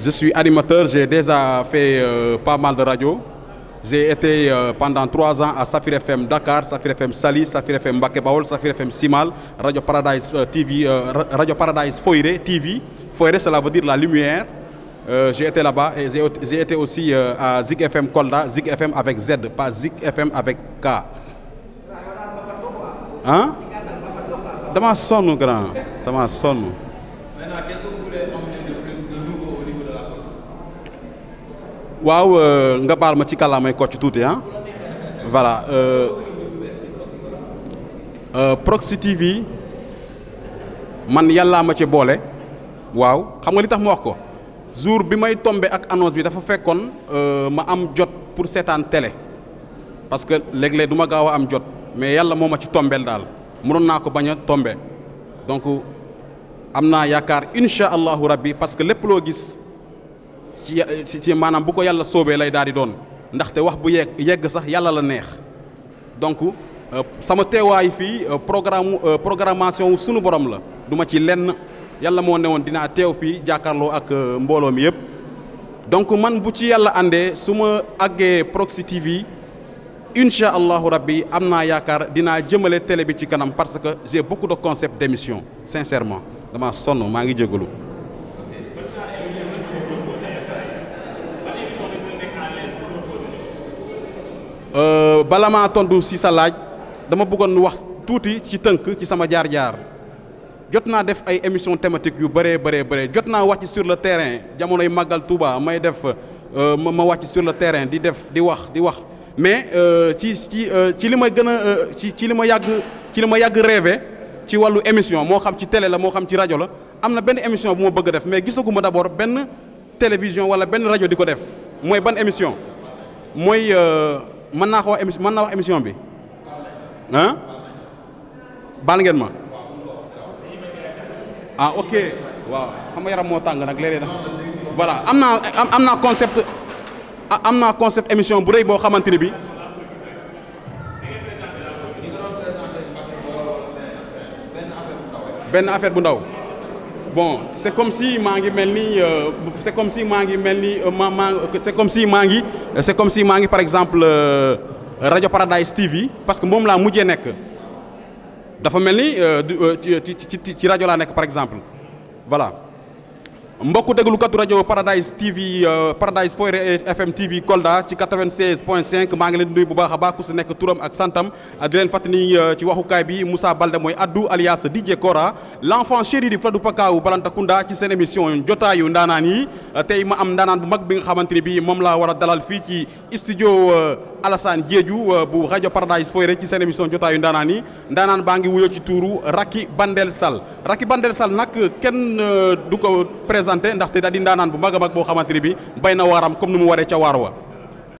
Je suis animateur, j'ai déjà fait euh, pas mal de radio J'ai été euh, pendant trois ans à Safir FM Dakar, Safir FM Sali, Safir FM Bakebaol, Safir FM Simal, Radio Paradise euh, TV, Radio Paradise Foire TV. Foire, cela veut dire la lumière. j'ai été là-bas et j'ai été aussi à Zig FM Kolda, Zig FM avec Z, pas Zig FM avec K. Hein? Dama sonne grand, dama sonne Wow, euh, nga baal ma ci tout la ah. Voilà. hein.. Euh, euh, voilà Proxy TV man yalla ma ci la waaw xam nga li tax ma wax ko jour bi may tombé ak annonce bi dafa euh ma am jot pour cette télé parce que léeg am jot mais yalla moma ma ci tomber ko tomber..! donc amna yakar inshallah incha rabbi parce que lepp ci ci maanaam bu ko yalla soobee lay daal di ndax ndaxte wax bu yegg yegg sax yalla la neex donc euh, sama teewaay fi euh, programme euh, programmation suñu borom la duma ci lenn yalla mo newoon dina teew fi. jakarlo ak mbolom mi donc man bu ci yalla àndee suma ma proxy TV incha allahu rabbi am Dina yaakaar dinaa télé bi ci kanam parce que j'ai beaucoup de concepts d'émission sincèrement dama sonu ma ngi jégalu. Euh, balama maa tontu si sa laaj dama bëggoon wax touti ci tënk ci sama jaar-jaar jotna def ay émissions thématiques yu bëree bëree bëree jotna naa sur le terrain jamonoy magal Touba may def euh, ma ma wàcc sur le terrain di def di wax di wax mais euh, ci ci ci li ma gën ci ci li ma yàgg ci li ma yàgg rêvé ci walu émission mo xam ci télé la mo xam ci radio la amna na émission bu mo bëgg def mais gisaguma d'abord ben télévision wala ben radio diko def moy ban émission euh mën naa ko wax émission mën naa wax émission bi ah baal ngeen ma ah ok waaw sama yaram moo tàng nag léeg-léeg voilà am naa am naa concept am naa concept émission bu rëy boo xamante ni bi benn affaire bu ndaw bon c'est comme si Mangi melni euh, c'est comme si Mangi melni mel euh, c'est comme si Mangi, c'est comme si Mangi, par exemple euh, Radio Paradise TV parce que mom la mujjee nek dafa melni ni ci ci par exemple voilà. mbokku déglukatu rajo Paradise TV euh, Paradise Foire FM TV Kolda ci 96 point 5 maa ngi leen nuyu bu baax a baax ku si nekk turam ak santam euh, di leen fàttali euh, ci waxukaay bi Moussa Balde mooy Addu alias DJ Kora l' enfant chéri di Fadou Pakaaw Balantakunda ci seen émission jotaayu ndaanaan yi tey ma am ndaanaan bu mag bi nga xamante ne bii moom laa war a dalal fii ci studio euh, Alassane Diédhiou euh, bu rajo Paradise Foire ci seen émission jotaayu ndaanaan yi ndaanaan baa ngi wuyoo ci tuuru Racky Bandel Sall Racky Bandel sal nag kenn euh, du ko présenté ndax daal di ndaanaan bu mag a mag boo xamante ne bii bay na waaram comme ni mu waree ca waar wa